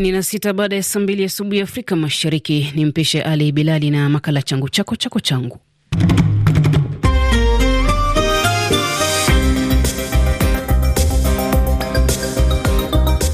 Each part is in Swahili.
ni na sita baada ya saa mbili asubuhi Afrika Mashariki. Ni mpishe Ali Bilali na makala changu chako chako changu.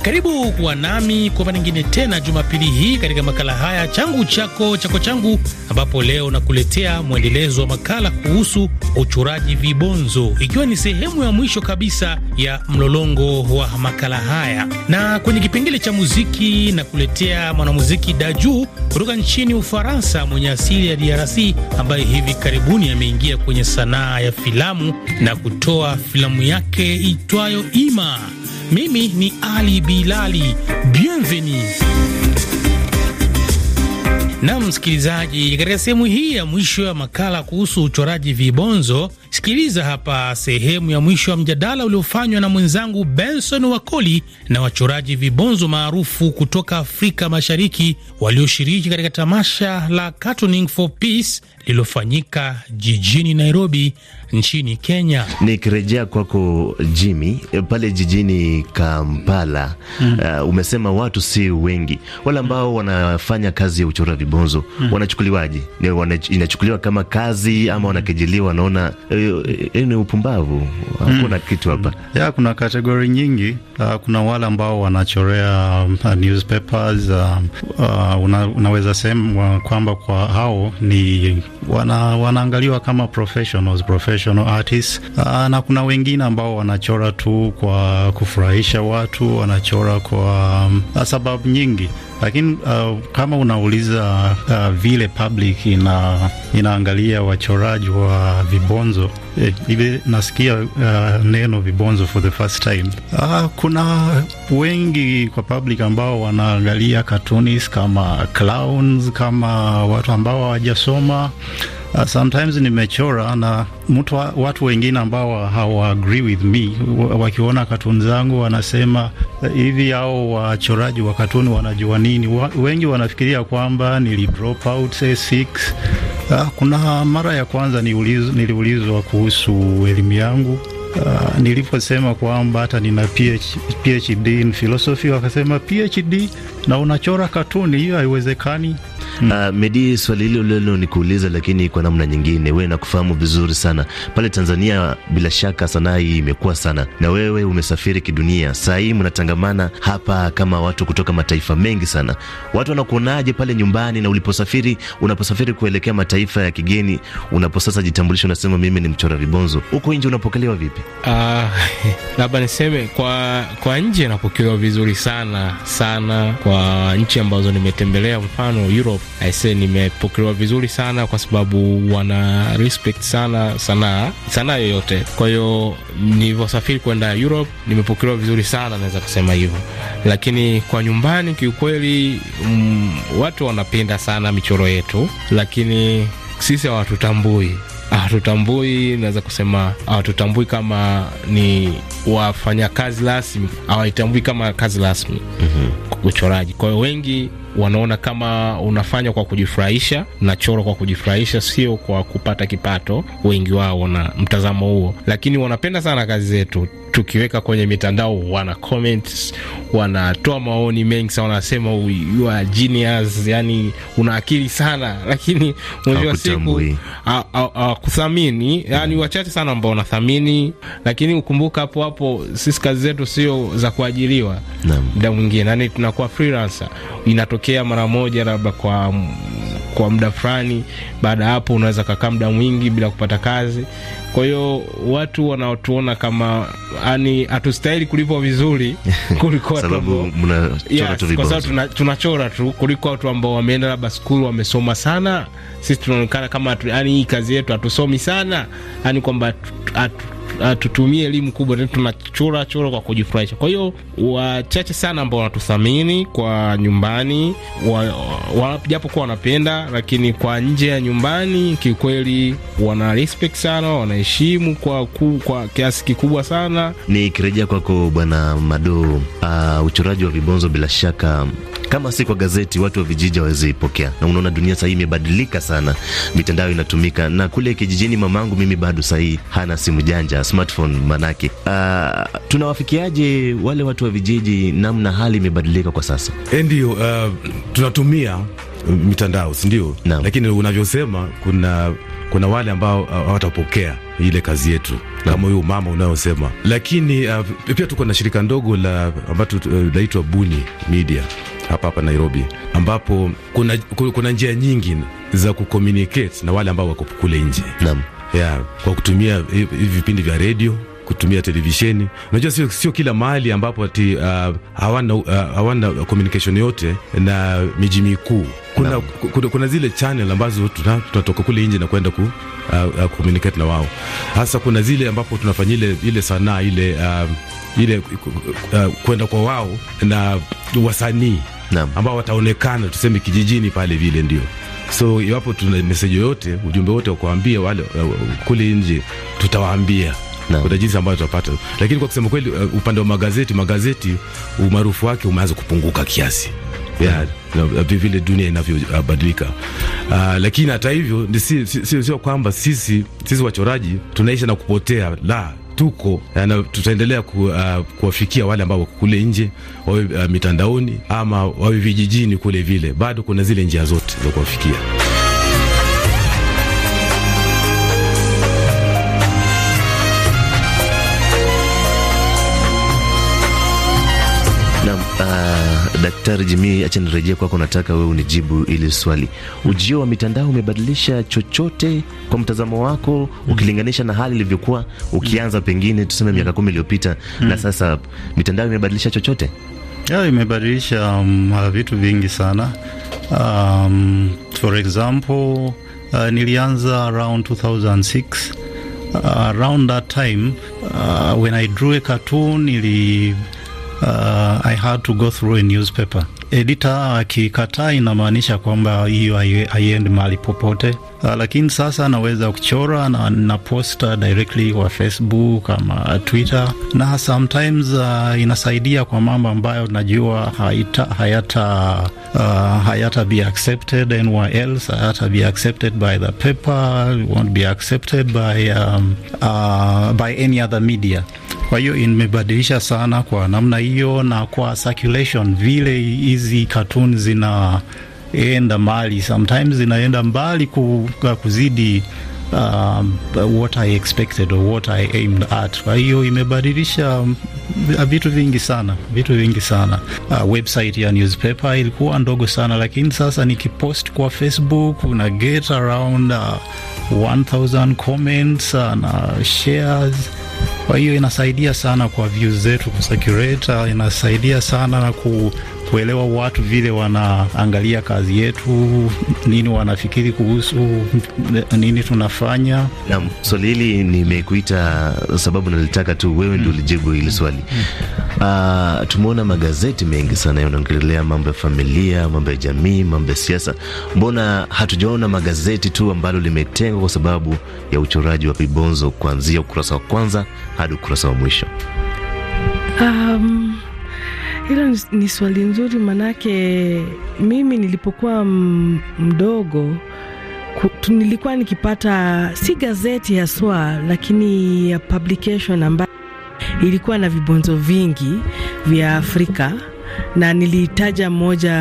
Karibu kuwa nami kwa mara nyingine tena Jumapili hii katika makala haya changu chako chako changu, ambapo leo nakuletea mwendelezo wa makala kuhusu uchoraji vibonzo, ikiwa ni sehemu ya mwisho kabisa ya mlolongo wa makala haya. Na kwenye kipengele cha muziki nakuletea mwanamuziki Daju kutoka nchini Ufaransa mwenye asili ya DRC ambaye hivi karibuni ameingia kwenye sanaa ya filamu na kutoa filamu yake itwayo Ima mimi ni Ali Bilali, bienveni na msikilizaji, katika sehemu hii ya mwisho ya makala kuhusu uchoraji vibonzo, sikiliza hapa sehemu ya mwisho ya mjadala uliofanywa na mwenzangu Benson Wakoli na wachoraji vibonzo maarufu kutoka Afrika Mashariki walioshiriki katika tamasha la Cartooning for Peace lililofanyika jijini Nairobi nchini Kenya. Nikirejea kwako Jimmy, eh, pale jijini Kampala mm. Uh, umesema watu si wengi wale ambao wanafanya kazi ya uchora vibonzo mm. Wanachukuliwaje? Eh, inachukuliwa kama kazi ama hmm. wanakejeliwa, wanaona hii ni upumbavu, hakuna mm. kitu hapa hmm. ya kuna kategori nyingi. Uh, kuna wale ambao wanachorea uh, newspapers uh, uh, una, unaweza sema kwamba kwa hao ni wana, wanaangaliwa kama professionals, professional artists. Aa, ah, na kuna wengine ambao wanachora tu kwa kufurahisha watu, wanachora kwa ah, sababu nyingi lakini uh, kama unauliza uh, vile public ina, inaangalia wachoraji wa vibonzo eh, ile nasikia uh, neno vibonzo for the first time. Uh, kuna wengi kwa public ambao wanaangalia cartoons kama clowns, kama watu ambao hawajasoma Uh, sometimes nimechora na mtu wa, watu wengine ambao hawa agree with me wakiona katuni zangu wanasema eh, hivi, uh, hao wachoraji wa katuni wanajua nini? Wa, wengi wanafikiria kwamba nili drop out say six. Uh, kuna mara ya kwanza niliulizwa kuhusu elimu yangu Uh, niliposema kwamba hata nina PhD in philosophy wakasema PhD na unachora katuni, hiyo haiwezekani. Mm. Uh, Medi, swali hilo lilo nikuuliza, lakini kwa namna nyingine, wewe nakufahamu vizuri sana pale Tanzania. Bila shaka sanaa hii imekuwa sana, na wewe umesafiri kidunia, saa hii mnatangamana hapa kama watu kutoka mataifa mengi sana. Watu wanakuonaje pale nyumbani, na uliposafiri, unaposafiri kuelekea mataifa ya kigeni, unaposasa jitambulisha, unasema mimi ni mchora vibonzo, huko nje unapokelewa vipi? Uh, labda niseme kwa, kwa nje napokelewa vizuri sana sana, kwa nchi ambazo nimetembelea, mfano Europe aise, nimepokelewa vizuri sana kwa sababu wana respect sana sanaa sanaa yoyote. Kwa hiyo nilivyosafiri kwenda Europe nimepokelewa vizuri sana, naweza kusema hivyo. Lakini kwa nyumbani kiukweli, mm, watu wanapenda sana michoro yetu, lakini sisi hawatutambui Ah, hatutambui, naweza kusema hawatutambui ah, kama ni wafanyakazi rasmi, hawaitambui kama kazi rasmi mm -hmm. uchoraji. Kwa hiyo wengi wanaona kama unafanya kwa kujifurahisha, nachora kwa kujifurahisha, sio kwa kupata kipato. Wengi wao na mtazamo huo, lakini wanapenda sana kazi zetu tukiweka kwenye mitandao wana comments, wanatoa maoni mengi sana, wanasema you are genius, yani una akili sana, lakini mwisho wa siku hawakuthamini. Yani mm. wachache sana ambao wanathamini, lakini ukumbuka hapo hapo sisi kazi zetu sio za kuajiriwa, muda mwingine yani tunakuwa freelancer, inatokea mara moja labda kwa kwa muda fulani. Baada ya hapo, unaweza kukaa muda mwingi bila kupata kazi. Kwa hiyo watu wanaotuona kama yani hatustahili kulipwa vizuri kuliko watu sababu mnachora tu vibozo, kwa sababu tunachora tu kuliko watu ambao wameenda labda skulu wamesoma sana. Sisi tunaonekana kama yani hii kazi yetu hatusomi sana, yani kwamba uh, tutumie elimu kubwa, tunachora choro kwa kujifurahisha. Kwa hiyo wachache sana ambao wanatuthamini kwa nyumbani, japokuwa wa, wanapenda, lakini kwa nje ya nyumbani kiukweli wana respect sana, wanaheshimu kwa, ku, kwa kiasi kikubwa sana. Nikirejea kwako Bwana mado uh, ah, uchoraji wa vibonzo bila shaka kama si kwa gazeti watu wa vijiji hawawezi ipokea, na unaona dunia sahii imebadilika sana, mitandao inatumika, na kule kijijini mamangu mimi bado sahii hana simu janja smartphone manake. Uh, tunawafikiaje wale watu wa vijiji, namna hali imebadilika kwa sasa? Eh, ndio, uh, tunatumia mitandao si ndio? Lakini unavyosema kuna kuna wale ambao hawatapokea uh, ile kazi yetu kama huyu mama unayosema, lakini uh, pia tuko na shirika ndogo la ambapo uh, eh, laitwa Buni Media hapa hapa Nairobi, ambapo kuna, kuna njia nyingi za kucommunicate na wale ambao wako kule nje. Naam yeah, kwa kutumia hivi vipindi vya redio kutumia televisheni. Unajua, sio, sio kila mahali ambapo ati uh, hawana, uh, hawana communication yote na miji mikuu kuna, kuna, kuna zile channel ambazo tunatoka tuna kule nje na kwenda ku uh, uh, communicate na wao hasa. Kuna zile ambapo tunafanya ile ile sanaa ile, uh, ile uh, kwenda kwa wao na wasanii ambao wataonekana tuseme kijijini pale vile ndio so iwapo tuna meseji yoyote ujumbe wote wakuambia wale uh, kule nje tutawaambia kuna jinsi ambayo tutapata, lakini kwa kusema kweli, uh, upande wa magazeti, magazeti umaarufu wake umeanza kupunguka kiasi ya uh, vile dunia inavyobadilika. Uh, lakini hata hivyo sio si, si, si, kwamba sisi, sisi wachoraji tunaisha na kupotea la tuko na tutaendelea ku, uh, kuwafikia wale ambao kule nje wawe uh, mitandaoni ama wawe vijijini kule vile, bado kuna zile njia zote za kuwafikia. Daktari jimi acha nirejee kwako, nataka wewe unijibu ili swali. Ujio wa mitandao umebadilisha chochote kwa mtazamo wako, ukilinganisha na hali ilivyokuwa ukianza, pengine tuseme miaka kumi iliyopita na mm. sasa? Mitandao imebadilisha chochote? Yeah, imebadilisha um, uh, vitu vingi sana um, for example uh, nilianza around 2006 uh, around that time uh, when I drew a cartoon ili uh, I had to go through a newspaper. Editor akikataa inamaanisha kwamba hiyo haiendi mahali popote. Uh, lakini sasa naweza kuchora na naposta directly kwa Facebook ama Twitter, na sometimes uh, inasaidia kwa mambo ambayo najua hayata hayata, uh, hayata be accepted anywhere else, hayata be accepted by the paper, won't be accepted by, um, uh, by any other media. Kwa hiyo imebadilisha sana kwa namna hiyo, na kwa circulation vile hizi katuni zina enda mbali, sometimes inaenda mbali kuzidi uh, what I expected or what I aimed at. Kwa hiyo imebadilisha uh, vitu vingi sana, vitu vingi sana. Uh, website ya newspaper ilikuwa ndogo sana, lakini sasa nikipost kwa Facebook una get around uh, 1000 comments uh, na shares. Kwa hiyo inasaidia sana kwa views zetu kusakureta uh, inasaidia sana na ku kuelewa watu vile wanaangalia kazi yetu, nini wanafikiri kuhusu nini tunafanya. Naam, swali hili nimekuita sababu nalitaka tu wewe ndio hmm. ulijibu hili swali. Uh, tumeona magazeti mengi sana yanaongelea mambo ya familia, mambo ya jamii, mambo ya siasa. Mbona hatujaona magazeti tu ambalo limetengwa kwa sababu ya uchoraji wa vibonzo kuanzia ukurasa wa kwanza hadi ukurasa wa mwisho? um... Hilo ni swali nzuri, manake mimi nilipokuwa mdogo nilikuwa nikipata si gazeti haswa, lakini ya publication ambayo ilikuwa na vibonzo vingi vya Afrika na nilitaja moja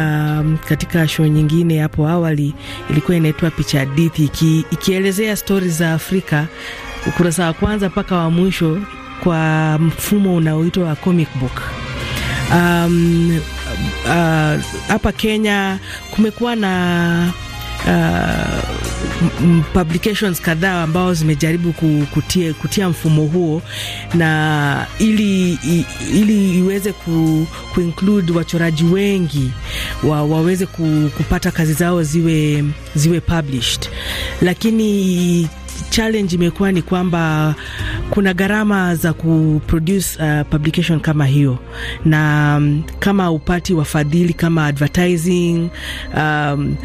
katika show nyingine hapo awali, ilikuwa inaitwa Picha Hadithi, iki, ikielezea stori za Afrika, ukurasa wa kwanza mpaka wa mwisho, kwa mfumo unaoitwa comic book um, uh, hapa uh, Kenya kumekuwa na uh, publications kadhaa ambao zimejaribu kutia, kutia mfumo huo na ili, ili iweze ku, kuinclude wachoraji wengi wa, waweze ku, kupata kazi zao ziwe, ziwe published, lakini challenge imekuwa ni kwamba kuna gharama za kuproduce uh, publication kama hiyo, na um, kama upati wafadhili kama advertising um,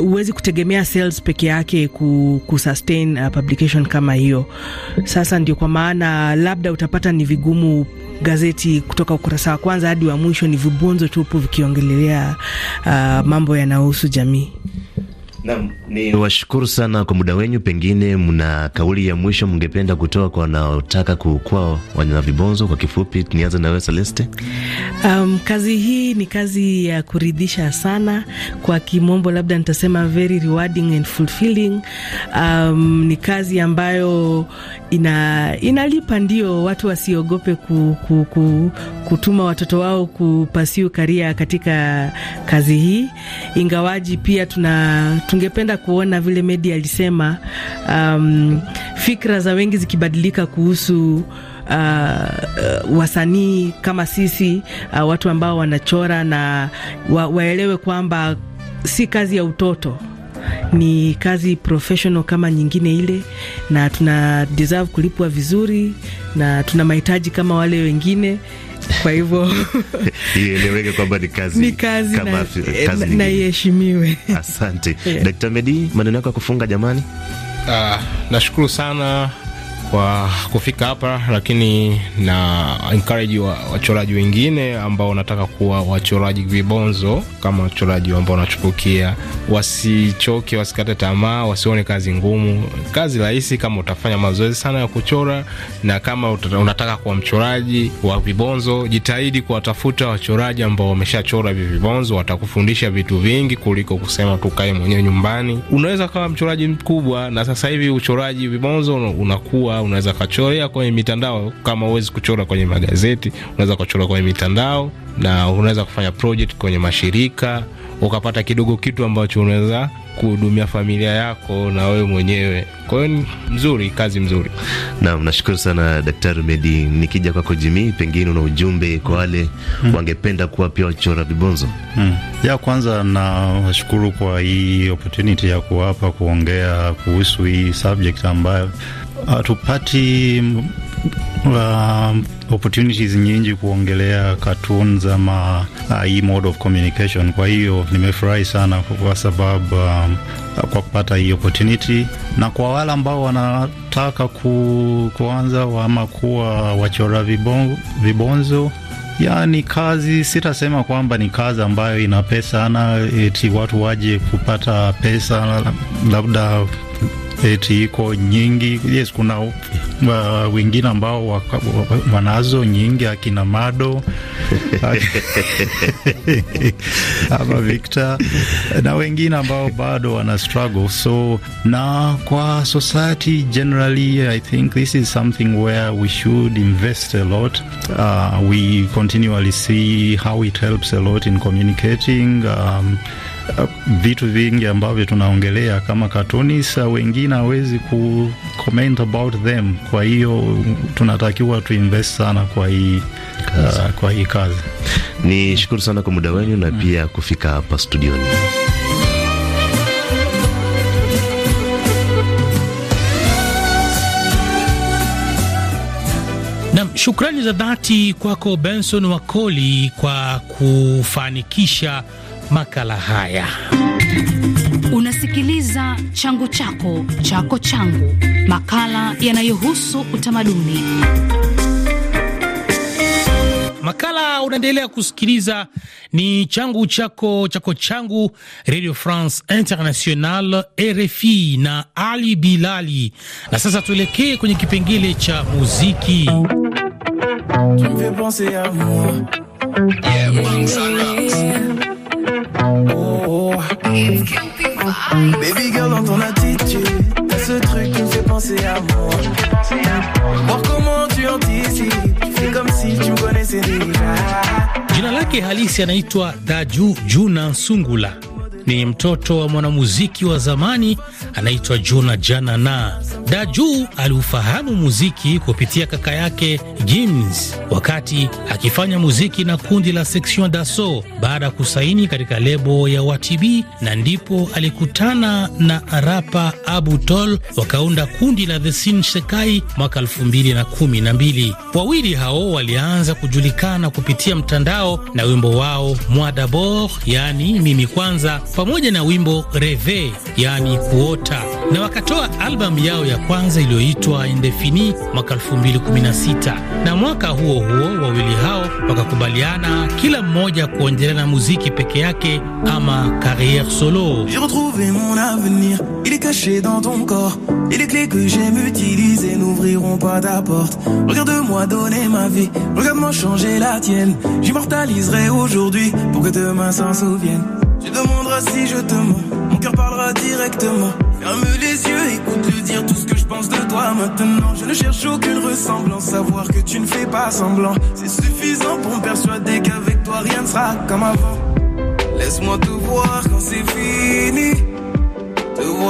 huwezi um, kutegemea sales peke yake kusustain uh, publication kama hiyo. Sasa ndio kwa maana labda utapata ni vigumu gazeti kutoka ukurasa wa kwanza hadi wa mwisho ni vibonzo tupu vikiongelelea uh, mambo yanayohusu jamii. Naam, ni washukuru sana kwa muda wenyu. Pengine mna kauli ya mwisho mngependa kutoa kwa wanaotaka kukua wanyama vibonzo? Kwa kifupi, nianze na wewe Celeste. Um, kazi hii ni kazi ya kuridhisha sana, kwa kimombo labda nitasema very rewarding and fulfilling. Um, ni kazi ambayo ina, inalipa ndio, watu wasiogope ku, ku, ku, kutuma watoto wao kupasiu karia katika kazi hii, ingawaji pia tuna, tungependa kuona vile Medi alisema, um, fikra za wengi zikibadilika kuhusu Uh, uh, wasanii kama sisi uh, watu ambao wanachora na wa, waelewe kwamba si kazi ya utoto ni kazi professional kama nyingine ile, na tuna deserve kulipwa vizuri na tuna mahitaji kama wale wengine. Kwa hivyo ieleweke kwamba ni kazi, ni kazi kama na iheshimiwe. Asante yeah. Dr. Medi, maneno yako ya kufunga jamani. Uh, nashukuru sana kwa kufika hapa, lakini na encourage wachoraji wa wengine ambao wanataka kuwa wachoraji vibonzo kama wachoraji ambao wanachupukia, wasichoke, wasikate tamaa, wasione kazi ngumu, kazi rahisi kama utafanya mazoezi sana ya kuchora, na kama unataka kuwa mchoraji wa vibonzo, jitahidi kuwatafuta wachoraji ambao wameshachora hivi vibonzo, watakufundisha vitu vingi kuliko kusema tukae mwenyewe nyumbani. Unaweza kawa mchoraji mkubwa, na sasa hivi uchoraji vibonzo unakuwa unaweza kachorea kwenye mitandao. Kama uwezi kuchora kwenye magazeti, unaweza kuchora kwenye mitandao, na unaweza kufanya project kwenye mashirika ukapata kidogo kitu ambacho unaweza kuhudumia familia yako na wewe mwenyewe. Kwa hiyo ni mzuri, kazi mzuri. Naam, nashukuru sana Daktari Medi. Nikija kwako jimi pengine una ujumbe kwa wale mm, wangependa kuwa pia wachora vibonzo mm. Ya kwanza nawashukuru kwa hii opportunity ya kuwapa kuongea kuhusu hii subject ambayo hatupati uh, mm, uh, opportunities nyingi kuongelea cartoons ama uh, hii mode of communication. Kwa hiyo nimefurahi sana kwa sababu um, kwa kupata hii opportunity, na kwa wale ambao wanataka ku, kuanza ama kuwa wachora vibon, vibonzo Yani kazi sitasema kwamba ni kazi ambayo ina pesa sana, eti watu waje kupata pesa labda eti iko nyingi. Yes, kuna uh, wengine ambao wanazo nyingi akina Mado ama Victor na wengine ambao bado wana struggle. So na kwa society generally, I think this is something where we should invest a lot. Uh, we continually see how it helps a lot in communicating um, vitu vingi ambavyo tunaongelea kama cartoons, wengine hawezi ku comment about them. Kwa hiyo tunatakiwa tu invest sana kwa hii kazi. Uh, kwa hii kazi ni shukuru sana kwa muda wenu na mm, pia kufika hapa studioni. Nam, shukrani za dhati kwako Benson Wakoli kwa kufanikisha makala haya. Unasikiliza changu chako chako changu, makala yanayohusu utamaduni. Makala unaendelea kusikiliza, ni changu chako chako changu, Radio France International RFI na Ali Bilali. Na sasa tuelekee kwenye kipengele cha muziki. Yeah, yeah, yeah. oh, Baby girl, dans ton attitude, t'as ce truc qui me fait penser à moi. Voir comment tu anticipes, tu fais comme si tu me connaissais déjà. Jina lake halisi anaitwa Daju Juna Sungula ni mtoto wa mwanamuziki wa zamani anaitwa Jona Janana. Daju aliufahamu muziki kupitia kaka yake Gims wakati akifanya muziki na kundi la Section Dasso baada ya kusaini katika lebo ya Watibi, na ndipo alikutana na rapa Abu Tol wakaunda kundi la The Sin Shekai mwaka 2012. Wawili hao walianza kujulikana kupitia mtandao na wimbo wao Moi yani yaani mimi kwanza pamoja na wimbo Reve, yaani kuota, na wakatoa albamu yao ya kwanza iliyoitwa Indefini mwaka 2016 na mwaka huo huo wawili hao wakakubaliana kila mmoja kuendelea na muziki peke yake ama carrière solo. J'ai retrouvé mon avenir, il est caché dans ton corps. Et les clés que j'aime utiliser n'ouvriront pas ta porte. Regarde-moi donner ma vie, regarde-moi changer la tienne. J'immortaliserai aujourd'hui pour que demain s'en souvienne. Tu demandes si je te mens. Mon cœur parlera directement. Ferme les yeux, écoute-le dire tout ce que je pense de toi maintenant. Je ne cherche aucune ressemblance, savoir que tu ne fais pas semblant. C'est suffisant pour me persuader qu'avec toi rien ne sera comme avant. Laisse-moi te voir quand c'est fini.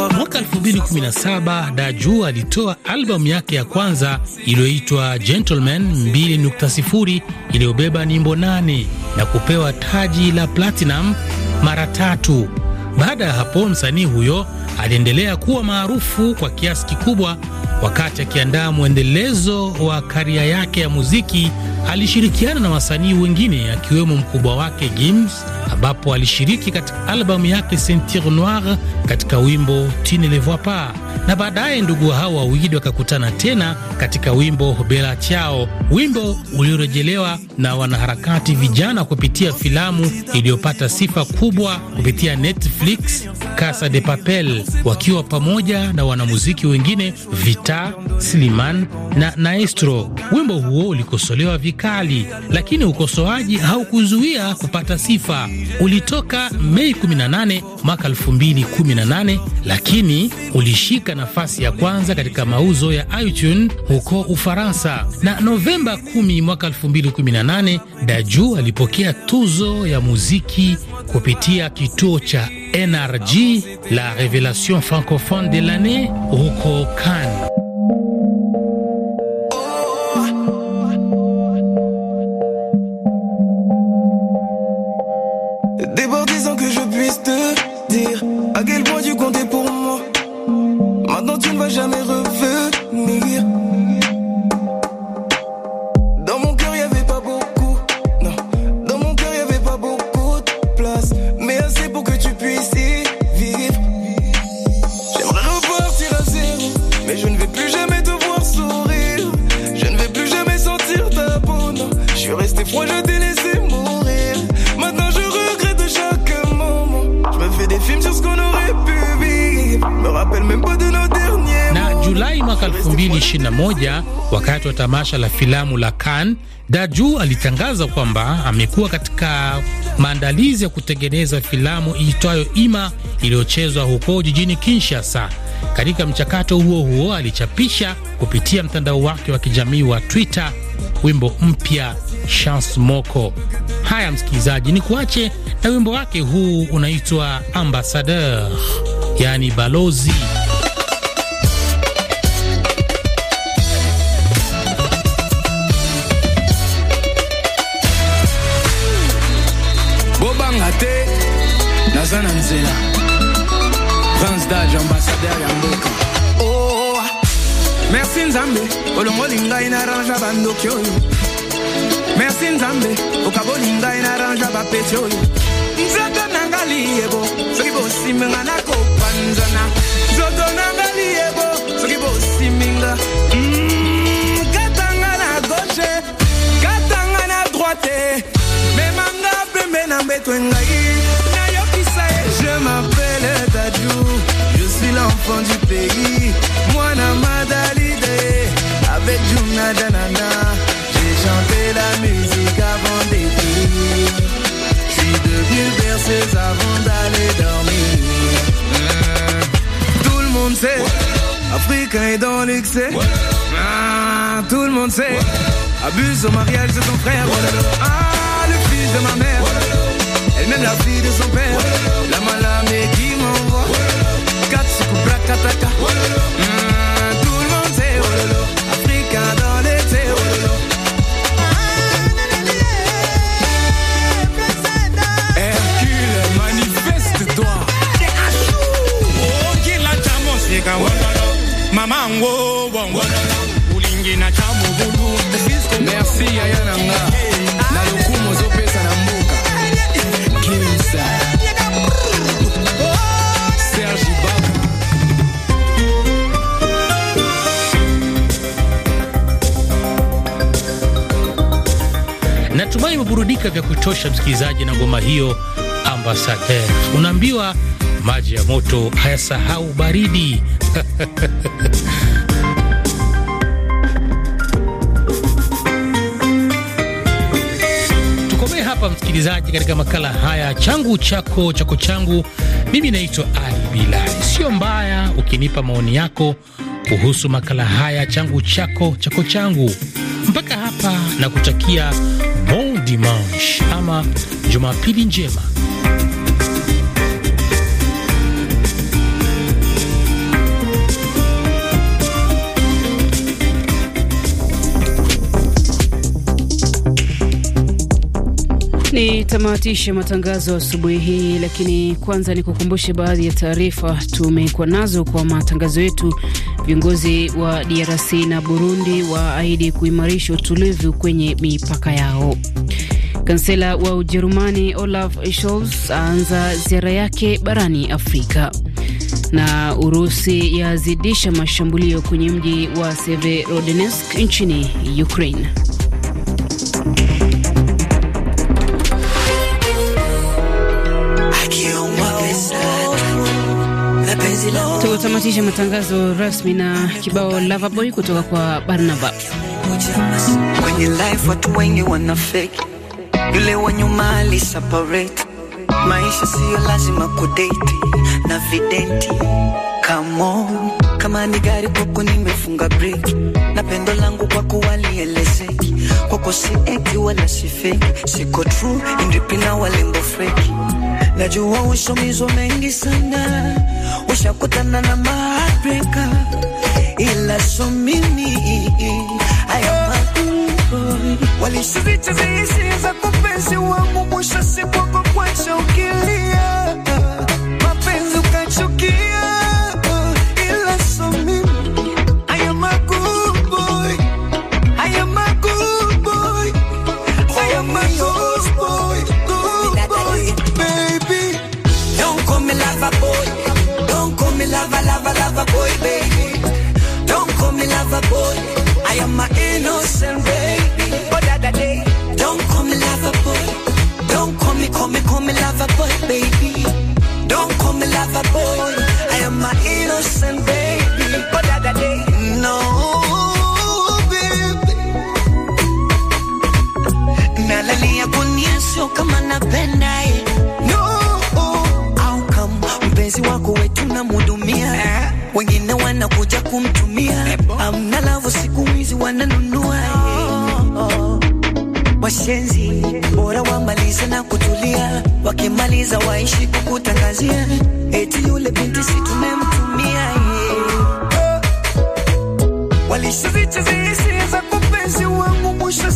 Mwaka 2017 Daju alitoa albamu yake ya kwanza iliyoitwa Gentleman 2.0 iliyobeba nyimbo nane na kupewa taji la platinum mara tatu. Baada ya hapo, msanii huyo aliendelea kuwa maarufu kwa kiasi kikubwa. Wakati akiandaa mwendelezo wa karia yake ya muziki, alishirikiana na wasanii wengine akiwemo mkubwa wake Gims, ambapo alishiriki katika albamu yake Ceinture Noire katika wimbo Tu ne le vois pas na baadaye ndugu hao wawili wakakutana tena katika wimbo Bela Chao, wimbo uliorejelewa na wanaharakati vijana kupitia filamu iliyopata sifa kubwa kupitia Netflix Casa de Papel, wakiwa pamoja na wanamuziki wengine Vita Sliman na Naestro. Wimbo huo ulikosolewa vikali, lakini ukosoaji haukuzuia kupata sifa. Ulitoka Mei 18 mwaka 2018, lakini ulishika nafasi ya kwanza katika mauzo ya iTunes huko Ufaransa. Na Novemba 10 mwaka 2018, Daju alipokea tuzo ya muziki kupitia kituo cha nrg la Revelation Francophone de l'année huko Cannes. Na Julai mwaka 2021 wakati wa tamasha la filamu la Cannes, Daju alitangaza kwamba amekuwa katika maandalizi ya kutengeneza filamu iitwayo Ima iliyochezwa huko jijini Kinshasa. Katika mchakato huo huo alichapisha kupitia mtandao wake wa kijamii wa Twitter wimbo mpya Chance Moko. Haya msikilizaji, ni kuache na wimbo wake huu unaitwa Ambassadeur. yaani balozi. bobanga te naza na nzela prince dage ambassadeur ya mboka oh, merci nzambe olongoli ngai narangea bandoki oyo merci nzambe okaboli ngai narangea bapeti oyo nzaka ngaliebo soki bosiminga nakopanzana nzoto na ngaliebo soki bosiminga hmm, katanga na gauche katanga na droite memanga pembe na mbeto engai nayokisa ye je mapele dadou je suis l'enfant du pays mwana madalide avec jumna danana j'ai chanté la musique avant d'écrire avant d'aller dormir. Hmm. Tout le monde sait, ouais. est dans l'excès. Ah, tout le monde sait, abuse au mariage de son frère. Ah, le fils de ma mère, elle-même la fille de son père. La malamé qui m'envoie, hmm, Tout le monde sait, Africa dans Africa Mama ngo bongo Ulingi na chabu bulu Merci Ayana nga Na lokumo zo pesa na mboka Kimsa Natumai umeburudika vya kutosha msikilizaji na ngoma hiyo Ambassadeur. Unaambiwa maji ya moto hayasahau baridi. Tukomee hapa msikilizaji, katika makala haya changu chako chako changu. Mimi naitwa Ali Bilali. Sio mbaya ukinipa maoni yako kuhusu makala haya changu chako chako changu. Mpaka hapa na kutakia bon dimanche, ama jumapili njema. tamatishe matangazo asubuhi hii, lakini kwanza ni kukumbushe baadhi ya taarifa tumekuwa nazo kwa matangazo yetu. Viongozi wa DRC na Burundi waahidi kuimarisha utulivu kwenye mipaka yao. Kansela wa Ujerumani Olaf Scholz aanza ziara yake barani Afrika, na Urusi yazidisha mashambulio kwenye mji wa Severodonetsk nchini Ukraine. Tutamatishe matangazo rasmi na kibao Loverboy kutoka kwa Barnaba. Kwenye life watu wengi wana fake, yule wa nyuma ali separate. Maisha siyo lazima kudate na videnti. Come on, kama ni gari kwako nimefunga breki, na pendo langu kwako walielezeki, kwako si eki wala si fake, siko true indipina walembo freki Najua ushomizwa mengi sana, ushakutana na mabreka, ila so mimi ayo walishizicheza hisia za kupenzi wangu mwisho siku kwa kwa mpenzi wako wetu na namhudumia, wengine wanakuja kumtumia, amna lavo, siku hizi wananunua. Washenzi bora wamalize na kutulia, wakimaliza waishi kukutangazia eti yule binti si tumemtumia. Walishazichezihisia za kupenzi wangu mwisho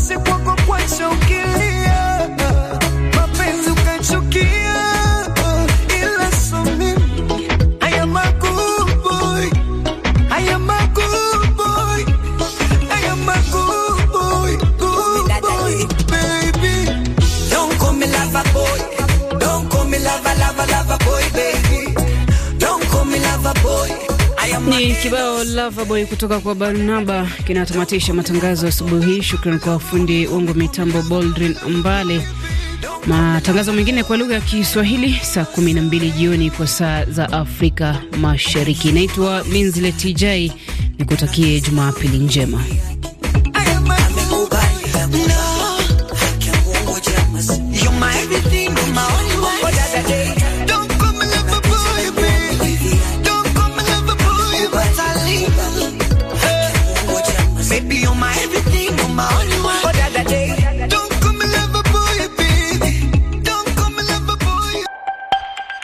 Ni kibao Loverboy kutoka kwa Barnaba kinatamatisha matangazo asubuhi hii. shukran kwa fundi wangu mitambo Boldrin Mbale. Matangazo mengine kwa lugha ya Kiswahili saa 12 jioni kwa saa za Afrika Mashariki. Naitwa Minzile Tijai, nikutakie Jumapili njema.